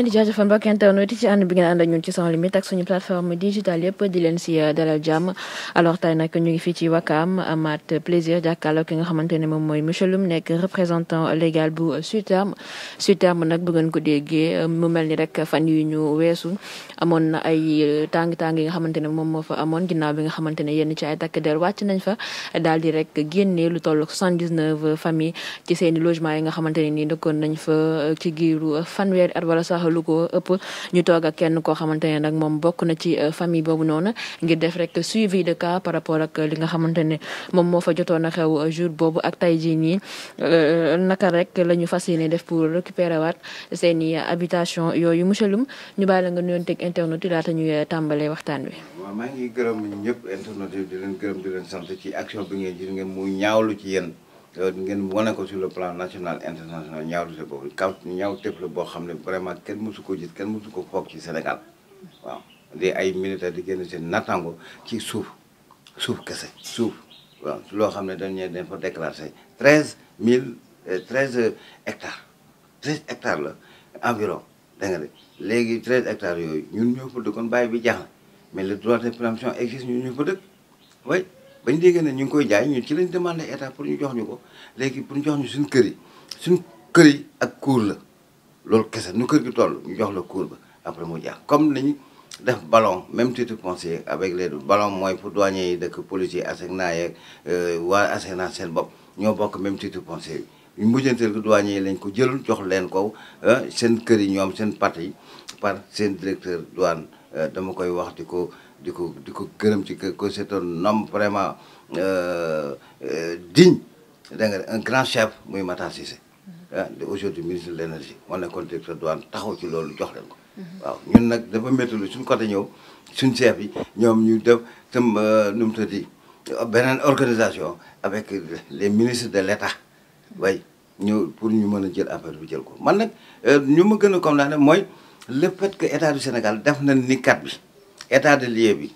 leen di jaajëfal mbokk internet ci ànd bi ngeen a ak ñun ci sans limite ak suñu plateforme digitale yëpp di leen si uh, dalal jàmm alors tey nag ñu ngi ci Wakaam amaat plaisir jàkkaarloo ki nga xamante moom um, uh, yi nga moom fa amoon ginnaaw bi nga xamante yenn ci takk der wàcc nañ fa daal di rek génnee lu toll 79 famille ci seen i yi nga xamante nii dëkkoon nañ fa uh, ci giiru fanweeri at wala sax lu ko ëpp ñu toog kenn koo xamante ne nag moom bokk na ci euh, famille boobu noonu ngir def rek suivi de cas par rapport ak li nga xamante ne moom moo fa jotoon a xew euh, jour boobu ak tey jii nii euh, naka rek lañu ñu fas yéene def pour récupérer waat seen i habitation yooyu monsieur Loum ñu bàyyi la nga nuyonteeg internet yi laata ñu tàmbalee waxtaan wi. waaw maa ngi gërëm ñëpp internet yi ci action bi ngeen mu ñaawlu ci yéen. loolu ngeen wane ko sur le plan national international ñaawlu sa boobu kaw ñaaw tëf la boo xam ne vraiment kenn mësu ko gis kenn mësu ko foog ci Sénégal waaw di ay militaire di génn seen nattango ci suuf suuf kese suuf waaw loo xam ne dañ ñee dañ fa déclaré treize mille euh, treize hectares treize hectares la environ da de léegi treize hectares yooyu ñun ñoo fa dëkkoon bi jaax mais le droit de préemption existe ñun ñoo fa bañ déggee ne ñu ngi koy jaay ñun ci lañ demandé état pour ñu jox ñu ko léegi pour ñu jox ñu suñu kër yi suñu kër yi ak cour la loolu kese nu kër gi toll ñu jox la cour ba après mu jaax comme nañu def ballon même titre foncier avec les ballon mooy pour douanier yi dëkk policier ASECNA yeeg euh, waa ASECNA seen bopp ñoo bokk même titre foncier bi ñu mujjanteel ko douanier yi lañ ko jëlul jox leen ko euh, seen kër yi ñoom seen parti par seen directeur douane euh, dama koy wax di ko di ko di ko gërëm ci que c'est un homme vraiment euh, euh, digne da nga un grand chef muy Matar Cissé mm-hmm. ah aujourd'hui ministre de l'énergie moo nekkoon directeur douane taxaw ci loolu jox leen ko mm-hmm. waaw ñun nag dafa métti suñ côté ñëw suñ chef yi ñoom ñu def tam euh, nu mu tudd beneen organisation avec les ministres de l'État way mm-hmm. ñu pour ñu mën a jël affaire bi jël ko man nag ñu ma gën a comme naa mooy le fait que état du Sénégal def na ni kat bi état de lieu bi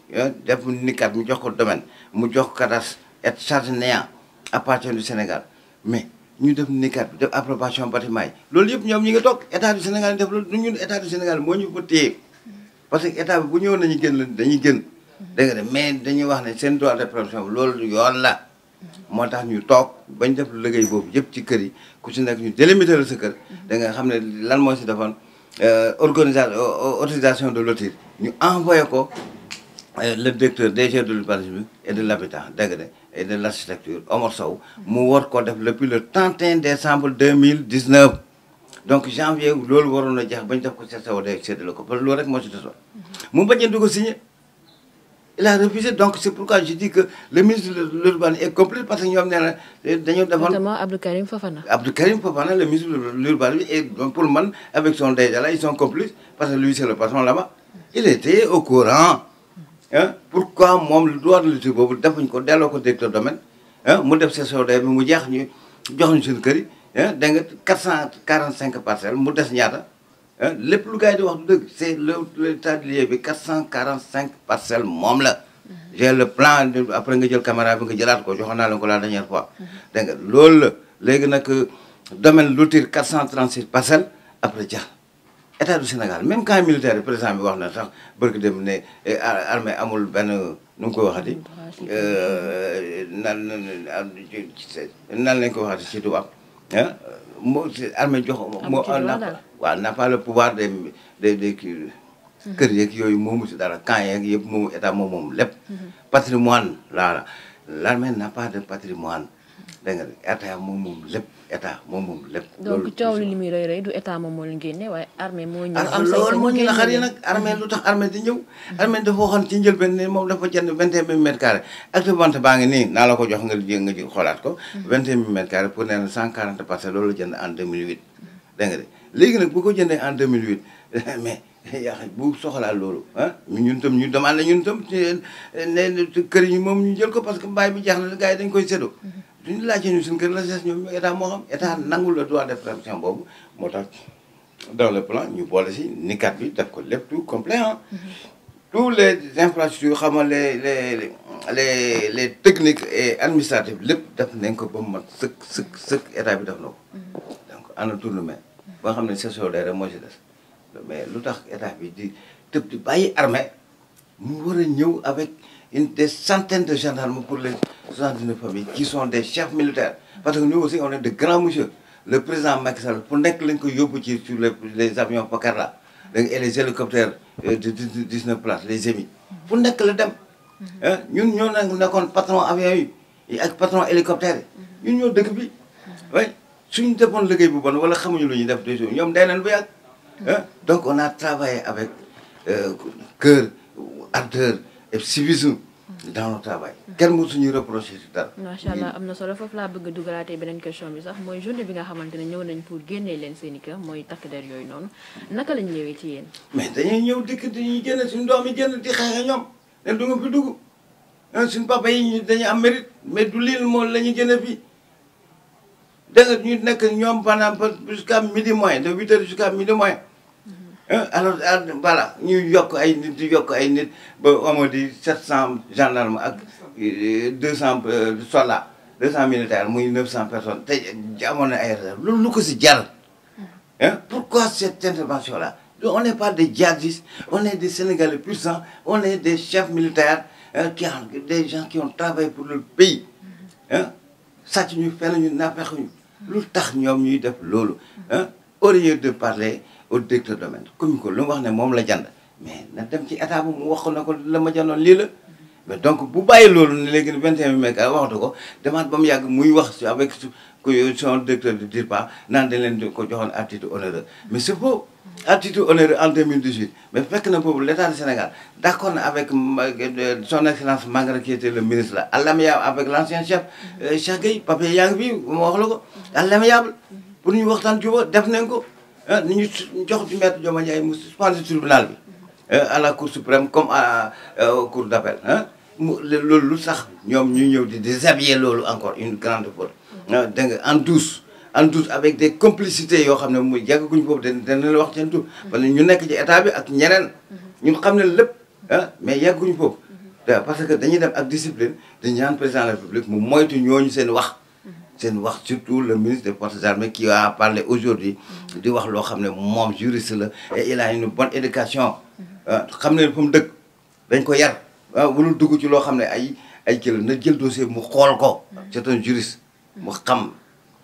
def ni kat mu jox ko domaine mu jox ko cadastre et charge néant à partir du Sénégal mais ñu def nikat bi def approbation bâtiment yi loolu yëpp ñoom ñu ngi toog état du Sénégal def loolu du ñun état moo ñu ko téye parce bu ñëwoon nañu gën la dañuy gën dégg nga mais dañuy wax ne seen droit de préemption loolu yoon la moo tax ñu toog bañ def liggéey boobu yëpp ci kër yi ku ci nekk ñu délimiter la sa kër xam ne lan moo si defoon Euh, organisation autorisation de lotir ñu envoyé ko euh, le directeur DG de l'urbanisme et de l'habitat dégg nga et de l'architecture Omar Sow mu war ko def depuis le 31 décembre 2019 donc janvier loolu waroon na jeex ba ñu def ko CCOD séddale ko parce que loolu rek moo ci desoon mu bañ a du ko signé il a refusé donc c'est pourquoi je dis que le ministre de l'urbanisme est complice parce que ñoom nee na dañoo defoon. notamment Abdou Karim Fofana. Abdou Karim Fofana le ministre de l'urbanisme pour man avec son Dédala ils sont complices parce que lui c'est le patron là-bas. il était au courant. pourquoi moom lu doon lutti boobu defuñ ko delloo ko directeur domaine mu def session day mu jeex ñu jox ñu seen kër yi ah dégg nga 445 parcelles mu des ñaata. lépp lu gars yi di wax du dëgg c' est le l'état de lieu bi 445 parcelles moom la. Mm-hmm. j'ai le plan après nga jël caméra bi nga jëlaat ko joxoon naa leen ko la dernière fois. Mm-hmm. dégg nga la léegi nag euh, domaine Loutir 436 parcelles après ja état du Sénégal même quand militaire bi président wax na sax barki dem ne eh, armée amul benn nu mu koy waxati. Euh, nan nan lañ ko waxati ci tubaab ah moo armée jox moo. waa n'a pas le pouvoir des des des kii kër yeeg yooyu moomu si dara camp yeeg yëpp moomu état moom moom lépp patrimoine la l'armée n'a pas de patrimoine dégg nga état moom moom lépp état moom moom lépp. donc coow li muy rëy rëy du état moom moo leen génne waaye armée moo ñëw. Ah, am sa tax armée di ñëw. armée dafa xoolaat ko. vingt et un mille mm-hmm. pour ne cent quarante parcelles loolu la jënd deux mille huit dégg de. léegi nag bu ko jëndee en 2008 mais yaa xam bu soxlaa loolu ah ñun tam ñu demandé ñun tam ne kër yi moom ñu jël ko parce que mbaay bi jeex na gars yi dañ koy séddoo. Mm-hmm. duñu laajte ñu suñu kër la sees ñoom état moo xam état nangul la droit de ñu boole si nikat bi def ko lépp tout complet ah. Mm-hmm. tous les infrastructures xam nga les les les les techniques et administratives lépp def nañ ko ba mu mat sëkk sëkk sëkk état bi def na ko. Mm-hmm. donc en retournement. ba nga xam ne session day rek moo ci des mais lu tax état bi di tëb di mu war a ñëw avec une des centaines de gendarmes pour les 79 familles qui sont des chefs militaires parce que nous aussi on est de grands monsieur le président Macky Sall pour nekk lañ ko yóbbu ci sur les avions Pakar les hélicoptères euh, de 19 places les EMI pour nekk la dem mm-hmm. ñun ñoo nekkoon patron avion yi ak patron hélicoptère yi ñun ñoo suñu defoon liggéey bu bon wala xamuñu lu ñuy def toujours ñoom day nañ bu yàgg. donc on a travaillé avec cœur euh, ardeur et civisme dans le travail. kenn mu suñu reproché si dara. macha allah am na solo foofu laa bëgg a dugalaatee beneen question bi sax mooy journée bi nga xamante ne ñëw nañ pour génnee leen seen i kër mooy takk der yooyu noonu naka lañ ñëwee ci yéen. mais dañuy ñëw dëkk dañuy génn suñu doom yi génn di xeex ñoom ne du nga fi dugg suñu am mérite du lii moom la ñu génne fii. dégg nga ñu nekk ñoom pendant jusqu'à midi de huit heures jusqu'à midi moins. alors ah, voilà yokk ay nit ba on dit cent gendarmes ak euh, deux cent euh, soldats deux cent militaires muy neuf cent personnes te amoon na ay réserve loolu lu ko si jar. pourquoi cette intervention là on n'est pas des djihadistes on est des Sénégalais puissants on est des chefs militaires qui ont des gens qui ont travaillé pour le pays. sàcc ñu fenn ñu naafeq ñu. lu tax ñoom ñuy def loolu au lieu de parler au directeur domaine comme ko lu mu wax ne moom la jand mais na dem ci état bu mu wax na ko la ma janoon lii la mais donc bu bàyyi loolu léegi ne léegi 21 mai ka waxtu ko demaat ba mu yàgg muy wax avec son directeur de DIRPA naan dañ leen ko joxoon à titre onéreux mais c'est faux attitude honneur en 2018 mais fekk na boobu l' état Sénégal d' na avec euh, son excellence Mangara qui était le ministre la allamiable avec l' ancien chef euh, Cheikh Gueye papier yaa ngi fii ma wax la ko pour ñu waxtaan juba def nañ ko ah, ni ñu jox di maître Dioma Ndiaye mu suspendu tribunal bi euh, la cour suprême comme à cour d' appel mu loolu lu sax ñoom ñu ñëw di déshabiller loolu encore une grande faute ah, dégg en douce en doute avec des complicités yoo xam ne muy yàggaguñ boobu dana la wax seen tur. wala ñu nekk ci état ñu xam ne lépp ah parce que dañuy dem ak discipline dañu ñaan président de la république mu moytu ñooñu seen wax. seen wax surtout le ministre des forces armées qui a parlé aujourd'hui di wax loo xam ne moom juriste la et il a une bonne éducation. Ah, xam ne fa mu dëkk dañ ko yar. waaw ah, wala ci loo xam ne ay ay kilo na jël dossier mu xool ko. c'est un mu xam.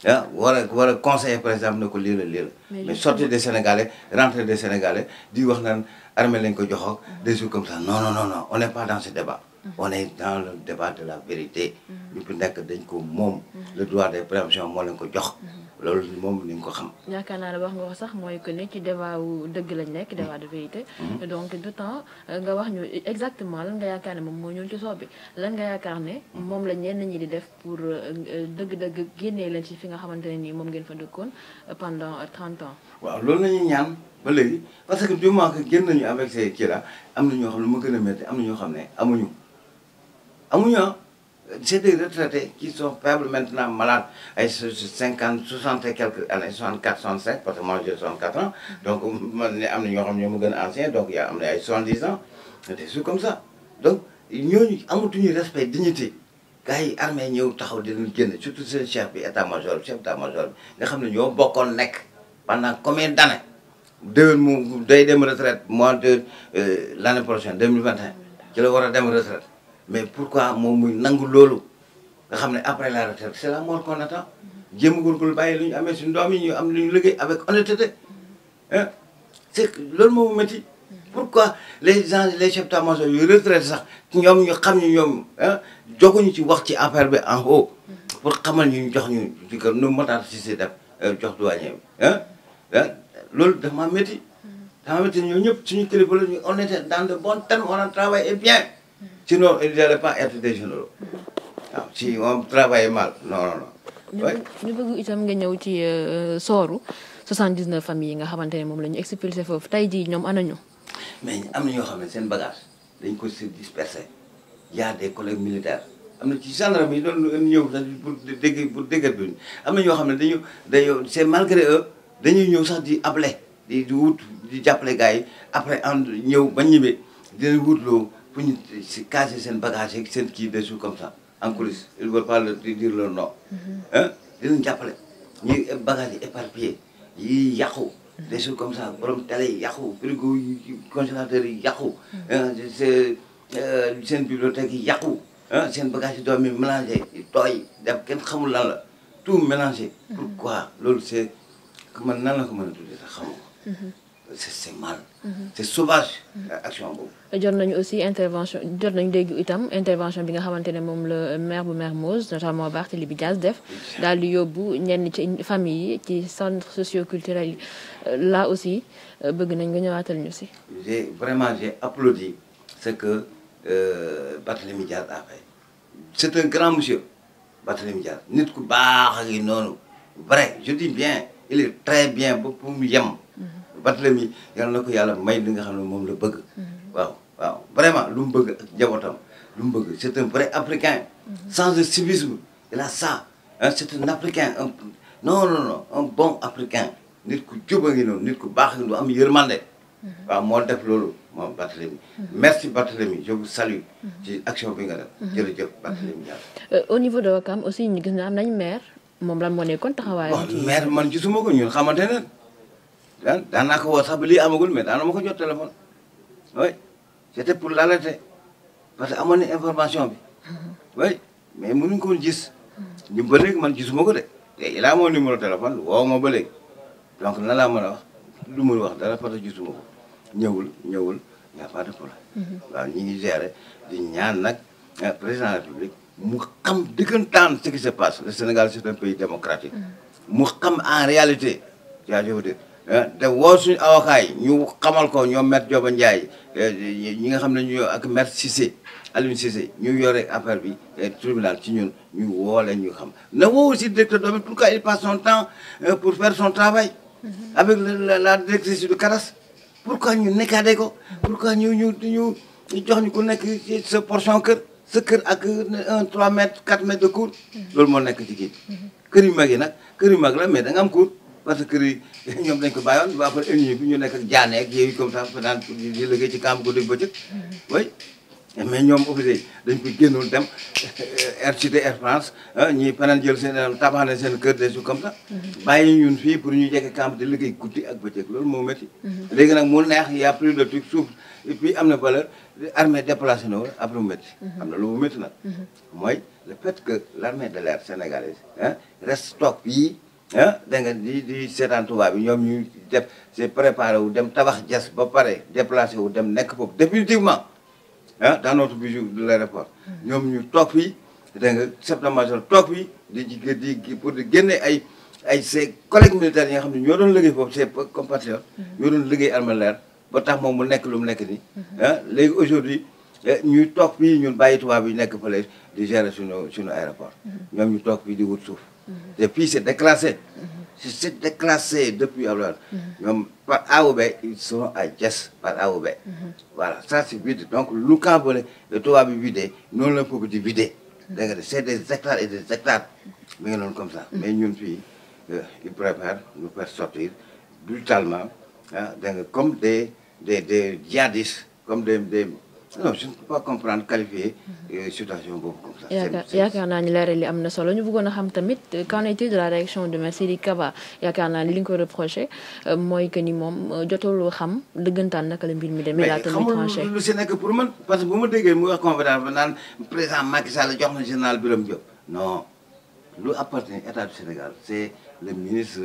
ah war a war a conseiller par exemple ne ko lii la mais sortie des sénégalais rentrée des sénégalais di wax naan armée lañ ko jox ak comme ça non non non non pas dans ce débat on est dans le débat de la vérité. ñu mm-hmm. fi nekk dañ ko moom. Mm-hmm. le droit des préemptions moo leen ko jox. Mm-hmm. loolu moom ni ñu ko xam. yaakaar naa ne wax nga ko sax mooy que ne ci débat wu dëgg lañ nekk débat de vérité. donc d'autant euh, nga wax ñu exactement lan nga yaakaar ne moom moo ñëw ci soob bi lan nga yaakaar ne. moom la ñenn ñi di def pour euh, euh, dëgg-dëgg génnee leen ci fi nga xamante ne nii moom ngeen fa dëkkoon pendant 30 ans. waaw loolu la ñuy ñaan ba léegi parce que du moment que génn nañu avec ces la am na ñoo xam mu gën am ñoo xam ne amuñu. amuñu ah c'est des retraités qui sont faibles maintenant malades ay cinquante soixante et quelques années soixante quatre soixante cinq parce que moi j'ai soixante quatre ans donc man ne am na ñoo xam ñoo ma gën a ancien donc yaa am na ay soixante dix ans des choses comme ça donc ñooñu amatuñu respect dignité gars armée ñëw taxaw de leen génn surtout seen chef bi état major chef état major bi nga xam ne ñoo bokkoon nekk pendant combien d'années déwén mu day dem retraite mois de l'année prochaine 2021 ci la war a dem retraite mais pourquoi moom muy nangu loolu nga xam ne après la retraite c'est la mort qu'on attend jéem góorgóorlu bàyyi lu ñu amee suñu doom yi ñu am lu ñu liggéey avec honnêteté ah c'est loolu moo métti pourquoi les gens les chefs d'état-major yu retraite sax ñoom ñu xam ñu ñoom ah joguñu ci wax ci affaire bi en haut pour xamal ñu ñu jox ñu ci kër nu Matar Cissé def euh, jox douanier bi ah loolu dafa métti dafa métti ñoo ñëpp suñu kilifa la ñu on était dans de bons termes on a travaillé bien Mm. Sinon, ils n'allaient pas être des généraux. waaw mm. ah, si on travaille mal non non non. bëgg itam nga ñëw ci euh, sooru 79 familles yi nga xamante ne moom lañu ñu expulsé foofu tey jii ñoom anañu mais am na ñoo xam ne seen bagage dañ ko si dispersé y a des collègues am na ci gendarme yi doon ñëw sax am na ñoo xam ne dañu dañoo c'est malgré eux dañuy ñëw sax di able di wut di jàppale gars yi après en ñëw ba ñibbee dinañ wutloo fu ñu si seen bagage seen kii des choses comme ça en coulisses ils ne veulent pas le dire leur nom. ah mm-hmm. dinañ jàppale ñuy bagages yi éparpillés yi yàqu. des mm-hmm. choses comme ça borom télé yi yàqu frigo yi congélateur yi yàqu. seen mm-hmm. euh, seen bibliothèque yi yàqu. yi tooy def kenn xamul lan la tout mélangé. pourquoi loolu c' est man nan la ko mën a c'est mal. Mm-hmm. c'est sauvage. Euh, action boobu. jot nañu aussi intervention jot nañu dégg itam intervention bi nga xamante ne moom la maire bu Mermoz notamment Barthélémy Dias def daal di yóbbu ñenn ci famille yi ci centre socioculturel yi euh, là aussi euh, bëgg nañ nga ñëwaatal ñu si. j'ai vraiment j'ai applaudi ce que euh, Barthélémy Dias a fait c'est un grand monsieur Barthélémy Dias nit baax ak noonu vrai je dis bien il est très bien ba pour mu yem. Barthélemy yàlla na ko yàlla may li nga xam ne moom la bëgg. Mm-hmm. waaw waaw vraiment lu mu bëgg a njabootam lu mu bëgg c'est un vrai africain. Mm-hmm. sans le civisme il a ça c'est un africain un non non non un bon africain nit ku jub a ngi noonu nit ku baax a ngi am yërmande. Mm-hmm. waaw moo def loolu moom Barthélemy. merci Barthélemy je vous salue. ci action bi nga def. jërëjëf Barthélemy Dias. Euh, au niveau de Ouakam aussi ñu gis na am nañ maire moom lan moo nekkoon taxawaayam. waaw maire man gisuma daan daan naa ko woo sax ba lii amagul mais daana ma ko jot téléphone oui c'était pour l'alerter parce que amoon information bi oui mais mënuñ ko woon gis ñu man gisuma ko de te il a mon numéro téléphone woo ma ba léegi donc na laa mën a wax lu mu wax dara parce que gisuma ko ñëwul ñëwul y a pas de problème mhm. waaw ñi ngi di ñaan nag euh, président de République mu xam dëggantaan ce qui se passe le Sénégal c'est un mhm. mu xam en réalité yaa jëf dëgg Eh, te woo suñu avocat yi ñu xamal ko ñoom maître Dioba Ndiaye eh, ñi nga xam ne ñu ak maître Cissé Alioune Cissé ñu yore affaire bi eh, tribunal ci ñun ñu woo ñu xam na woo aussi directeur domaine pourquoi il passe son temps pour faire son travail mm-hmm. avec la la directrice du CARAS pourquoi ñu nekkaade ko pourquoi ñu ñu ñu jox ñu ku nekk ci sa portion kër sa kër ak un 3 mètres 4 mètres de cour mm-hmm. loolu moo nekk ci kii mm-hmm. kër yu mag yi nag kër yu mag la mais da nga am parce que ñoom dañ ko bàyyoon waa par ennemi bi ñu nekk ak jaane ak yooyu comme ça par mm-hmm. euh, ah, jël seen tabax seen kër des su comme ça. Mm-hmm. bàyyi ñun fii pour ñu jekk kàmb di liggéey guddi ak bëccëg loolu moo métti. Mm-hmm. léegi nag mu neex y' a plus de truc suuf fii am na valeur armée déplacé na woon après mu métti. am na lu mu nag. mooy le fait que l' de l' air sénégalaise ah fii. ah da di di seetaan tubaab bi ñoom ñu def c'est préparé wu dem tabax jas ba pare déplacé wu dem nekk foofu définitivement ah dans notre bijou de l'aéroport hmm. ñoom ñu toog fii da nga septembre major toog fii di di di pour di génne ay ay ses collègues yi nga xam ne ñoo doon liggéey foofu ses compatriotes hmm. ñoo doon liggéey armée l'air ba tax moom mu nekk lu mu nekk ni hmm. ah léegi aujourd'hui eh, ñu toog fii ñu bàyyi tubaab yi nekk fële di gérer suñu suñu aéroport ñoom ñu toog fii di wut suuf Mm-hmm. Et puis c'est déclassé. Mm-hmm. C'est déclassé depuis alors. Mm-hmm. Même par A ou B, ils sont à Yes, par A ou B. Voilà, ça c'est vide. Donc, le toit vidé, non le C'est des hectares et des hectares. Mais non comme ça. Mais nous, euh, ils préparent nous faire sortir brutalement, hein, comme des, des, comme des non je ne peux pas comprendre qualifier euh, situation boobu comme ça. yaakaar yaakaar naa ni leeral li am na solo ñu bëggoon a xam tamit euh, qu'en est de la réaction de Maître Sidiki Kaba yaakaar naa ni li ñu ko reproché euh, mooy que ni moom jotul xam dëggantaan naka la mbir mi demee. daa tamit tranché mais xamul nekk pour man parce que bu ma déggee mu wax conférence ba naan président Macky Sall jox na général Birame Diop. non lu appartient état du Sénégal c'est le ministre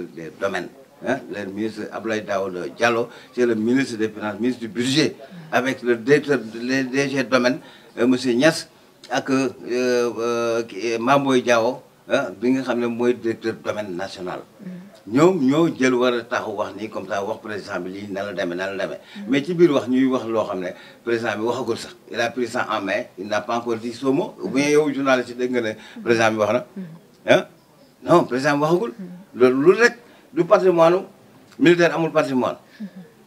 hein, le ministre Ablaï Daoud Diallo, c'est le ministre des Finances, ministre du Budget, avec le directeur, les DG domaine, euh, M. Nias, avec euh, euh, euh Mamboy Diao, hein, le directeur du domaine national. ñoom ñoo jël war a taxu wax nii comme ça wax président bi lii na la demee na la demee mais ci biir wax ñuy wax loo xam ne président bi waxagul sax il a pris ça en main il n'a pas encore dit son mot ou bien yow journaliste dégg nga ne président bi wax na non président du patrimoine militaire amul patrimoine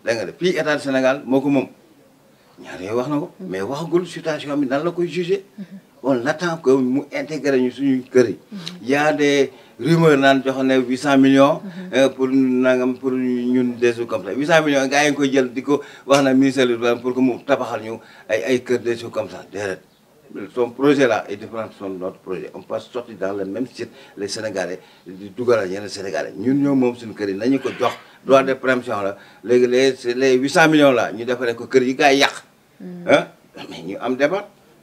da nga def fii état du Sénégal moo ko moom ñaar yooyu wax na ko mais waxagul situation bi nan la koy jugé on attend que mu intégré ñu suñu kër yi y a des rumeurs naan jox ne huit cent millions euh, pour nangam pour ñun des choses comme ça huit cent millions gars yi jël di wax na ministère bi pour que mu tabaxal ñu ay ay kër des choses comme ça déedéet son projet-là est différent de notre projet on peut sortir dans le même site les Sénégalais di dugalal yeneen Sénégalais ñun ñoo moom suñu kër yi nañu ko jox droit de préemption la léegi les les 800 millions là ñu ko kër yi gars yi hmm. mais ñu am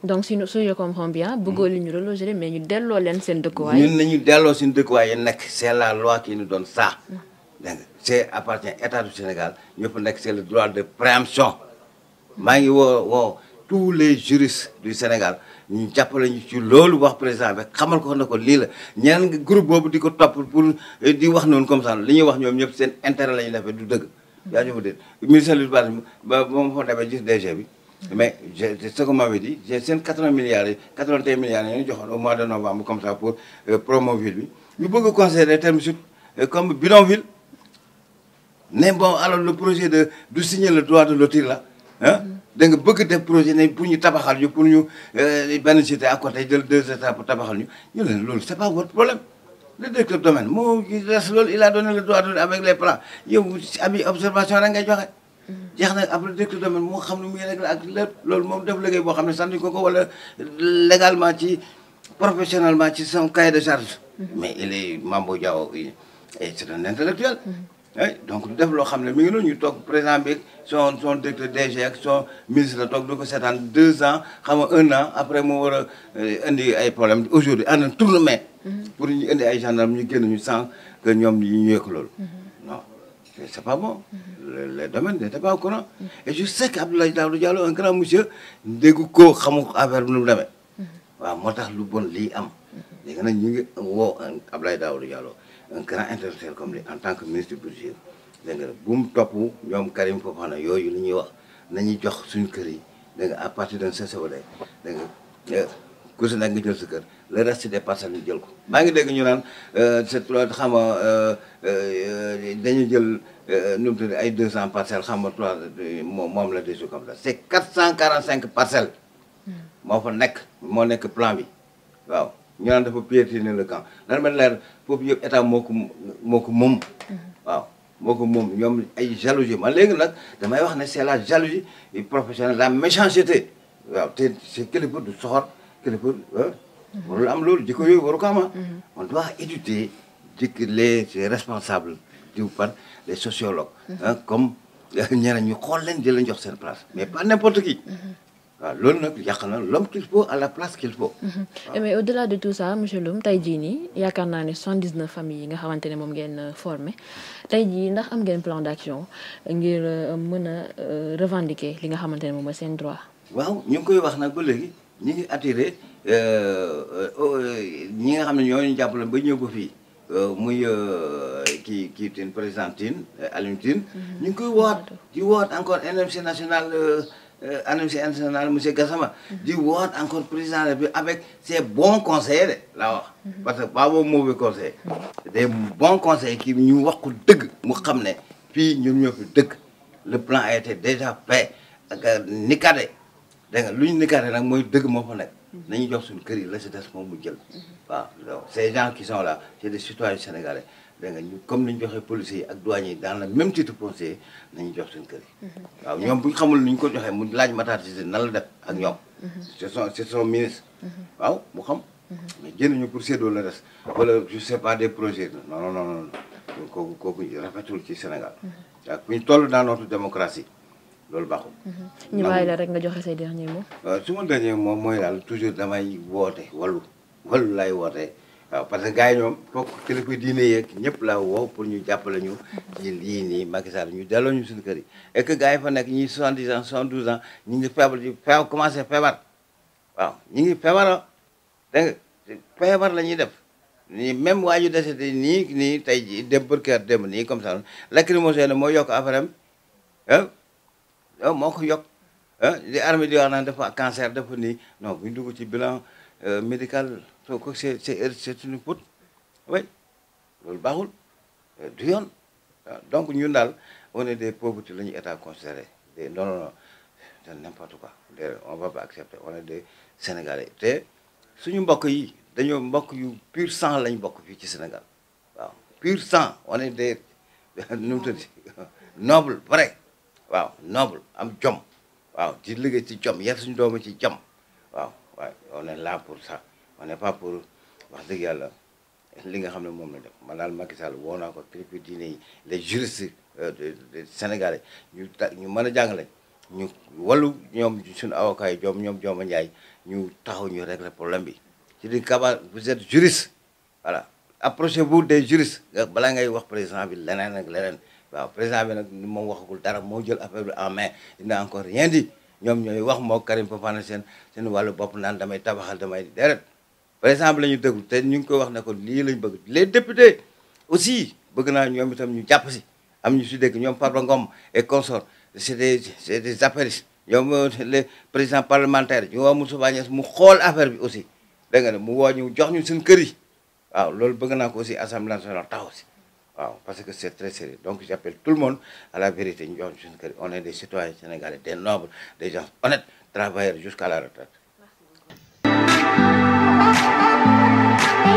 donc si nous si je comprends bien. ñu reloger mais ñu delloo leen seen dëkkuwaay. ñun nañu delloo suñu dëkkuwaay yi nekk c'est la loi qui nous donne ça. Hmm. dégg c'est appartient état du Sénégal ñëpp nekk c'est le droit de préemption maa ngi woo tous les juristes du Sénégal ñu jàppale ñu ci loolu wax président bi xamal ko ne ko lii la ñeneen groupe boobu di ko topp pour di wax noonu comme ça li ñuy wax ñoom ñëpp seen intérêt la ñuy defee du dëgg. yaa ngi ko dégg ministère du bâtiment ba ba ma fa demee gis DG bi. mais je ce que m'avait dit j'ai seen 80 milliards yi 81 milliards yi ñu joxoon au mois de novembre comme ça pour euh, Promoville bi. ñu bëgg a considérer Terme Sud euh, comme bidonville ne bon alors le projet de du signer le droit de lotir là ah. da nga bëgg def projet ne pour ñu tabaxal ñu pour ñu euh, benn cité à côté jël deux états pour tabaxal ñu ñu leen loolu c'est pas votre problème le directeur domaine moo des loolu il a donné le droit de avec le plans yow abi observation rek ngay joxe jeex na après directeur domaine moo xam ne mu rek ak lépp loolu moom def liggéey boo xam ne santuñu ko ko wala légalement ci professionnellement ci son cahier de charge mm-hmm. mais il est Mambo Diaw et c'est un intellectuel mm-hmm. Eh, donc du def loo xam ne mi ngi noonu ñu toog président bi son son directeur DG ak son ministre la toog du ko seetaan deux ans xam nga un an après mu war a eh, indi ay problème aujourd'hui en un tournement pour ñu indi ay gendarme ñu génn ñu sànq que ñoom ñu yëkk loolu mhm. non c'est pas bon mhm. les domaines n'étaient pas au courant et je sais que Abdoulaye Daouda Diallo un grand monsieur dégg ko nu mu demee mhm. waaw lu bon lii am léegi nag ñu ngi woo Abdoulaye Daouda Diallo un grand intellectuel comme lui en tant que ministre budget dégg nga bu mu ñoom Karim Fofana yooyu lu ñuy wax nañuy jox suñu kër yi dégg nga à partir d'un CCOD dégg nga ku si nekk nga jël sa kër le reste des parcelles ñu jël ko maa ngi dégg ñu naan euh, c'est xam nga euh, euh, dañu jël nu mu ay deux cent parcelles xam nga trois moom la de jours comme ça quatre cent quarante cinq parcelles hmm. moo fa nekk moo nekk plan bi waaw ñu naan dafa piétiner le camp nan ma leer foofu yëpp état moo ko moo ko moom waaw moo ay jalousie man léegi nag damay wax ne c'est la jalousie professionnelle la méchanceté waaw te c'est kilifa du soxor kilifa warul am loolu jikko yooyu ko am ah. mm-hmm. on doit éduquer jikk les responsables diw par les sociologues comme ñeneen ñu di leen jox seen place mais pas n'importe qui mm-hmm. waaw ah, loolu nag yàq na l'homme qu'il faut à la place qu'il faut. Mhm. Ah. Eh mais au-delà de tout ça monsieur Loum tey jii nii yaakaar naa ne 79 yi nga xamante ne moom ngeen euh, formé tey jii ndax am ngeen plan d'action ngir euh, mën a euh, revendiquer li nga xamante ne moom mooy seen droit. waaw ñu ngi koy wax nag ba léegi ñu ngi attiré oh, ñi nga xam ñoo ñu jàppale ba ñëw ba fii muy kii kii Tine président Tine mhm. ngi koy woowaat di woowaat encore NMC national. Euh, Amnesty International monsieur Gassama. di woon encore président bi avec ses bons conseillers de laa mhm. parce que pas boobu mauvais conseil. Mhm. des bons conseils kii ñu wax ko dëgg mu xam ne fii ñun ñoo fi dëgg le plan a été déjà fait ak euh, nikate dégg nga lu ñu nikate nag mooy dëgg moo fa nekk. Mhm. nañu jox suñu kër yi la si des moom mu jël. waaw donc qui sont là c'est des citoyens sénégalais. da nga ñu comme nañ joxee policiers yi ak douaniers yi dans le même titre foncier nañu jox seen kër yi. Mm-hmm. waaw ñoom bu ñu xamul ni ñu ko joxee mu laaj Matar Cissé nan la def ak ñoom. Mm-hmm. c'est son c'est son ministre. Mm-hmm. waaw mu xam. mais jënduñu pour séddoo le reste wala je sais pas des projets non non non non kooku kooku rafetul ci Sénégal. ak bu ñu toll dans notre démocratie loolu baaxul. ñu bàyyi la rek nga joxe say dernier mot. waaw su ma dernier mot mooy daal toujours damay woote walu walu laay wootee. waaw parce que gars yi ñoom foog kilifa diine yeeg ñëpp la woo pour ñu jàppale ñu ci lii nii Macky Sall ñu delloo ñu suñu kër yi et nekk ñii soixante dix ans soixante douze ans ñu ngi feebar ñu feebar commencé feebar ñu ngi feebara feebar la ñuy def ni même waa ju décédé nii nii tey jii démb kër démb nii comme ça lacrymogène moo yokk affaire am ah moo ko yokk ah di armée di wax naan dafa cancer dafa nii non bu ñu dugg ci bilan euh, médical soo ko c'est c'est une faute oui loolu baaxul euh, du donc ñu daal on est des pauvres la ñuy état considéré des non non non de n'importe quoi va pas accepter on est des te suñu mbokk yi dañoo mbokk yu pur sang lañ bokk fii ci Sénégal waaw pur sang on est des nu noble vrai waaw noble am jom waaw di liggéey ci jom yar suñu doomu ci jom waaw waaw on est là on n'est pas pour wax dëgg yàlla li nga xam ne moom la def man daal Macky Sall woo naa ko kilifa diine yi les juristes euh, sénégal ñu ñu mën a jàngale ñu wallu ñoom suñu awokaay yi joom ñoom jooma njaay ñu taxaw ñu régler problème bi ci di kaba vous êtes juriste voilà approchez de juris bala ngay wax président bi leneen ak leneen waaw président bi nag moom waxagul dara moo jël affaire bi en mais dina encore rien dit ñoom ñooy wax moo Karim Fofana seen seen wàllu bopp naan damay tabaxal damay deret par exemple la ñu déglu te ñu ngi koy wax ne ko lii lañ bëgg les députés aussi bëgg naa ñoom itam ñu jàpp si am ñu si dégg ñoom Farba Ngom et consort c' est des c' est des apéristes ñoom les présidents parlementaires ñu woo mu xool affaire bi aussi dégg nga mu woo ñu jox ñu suñu kër yi waaw loolu bëgg naa ko aussi assemblée nationale taxaw si waaw parce que c' est très sérieux donc j' appelle tout le monde à la vérité ñu jox ñu suñu kër yi on est des citoyens sénégalais des nobles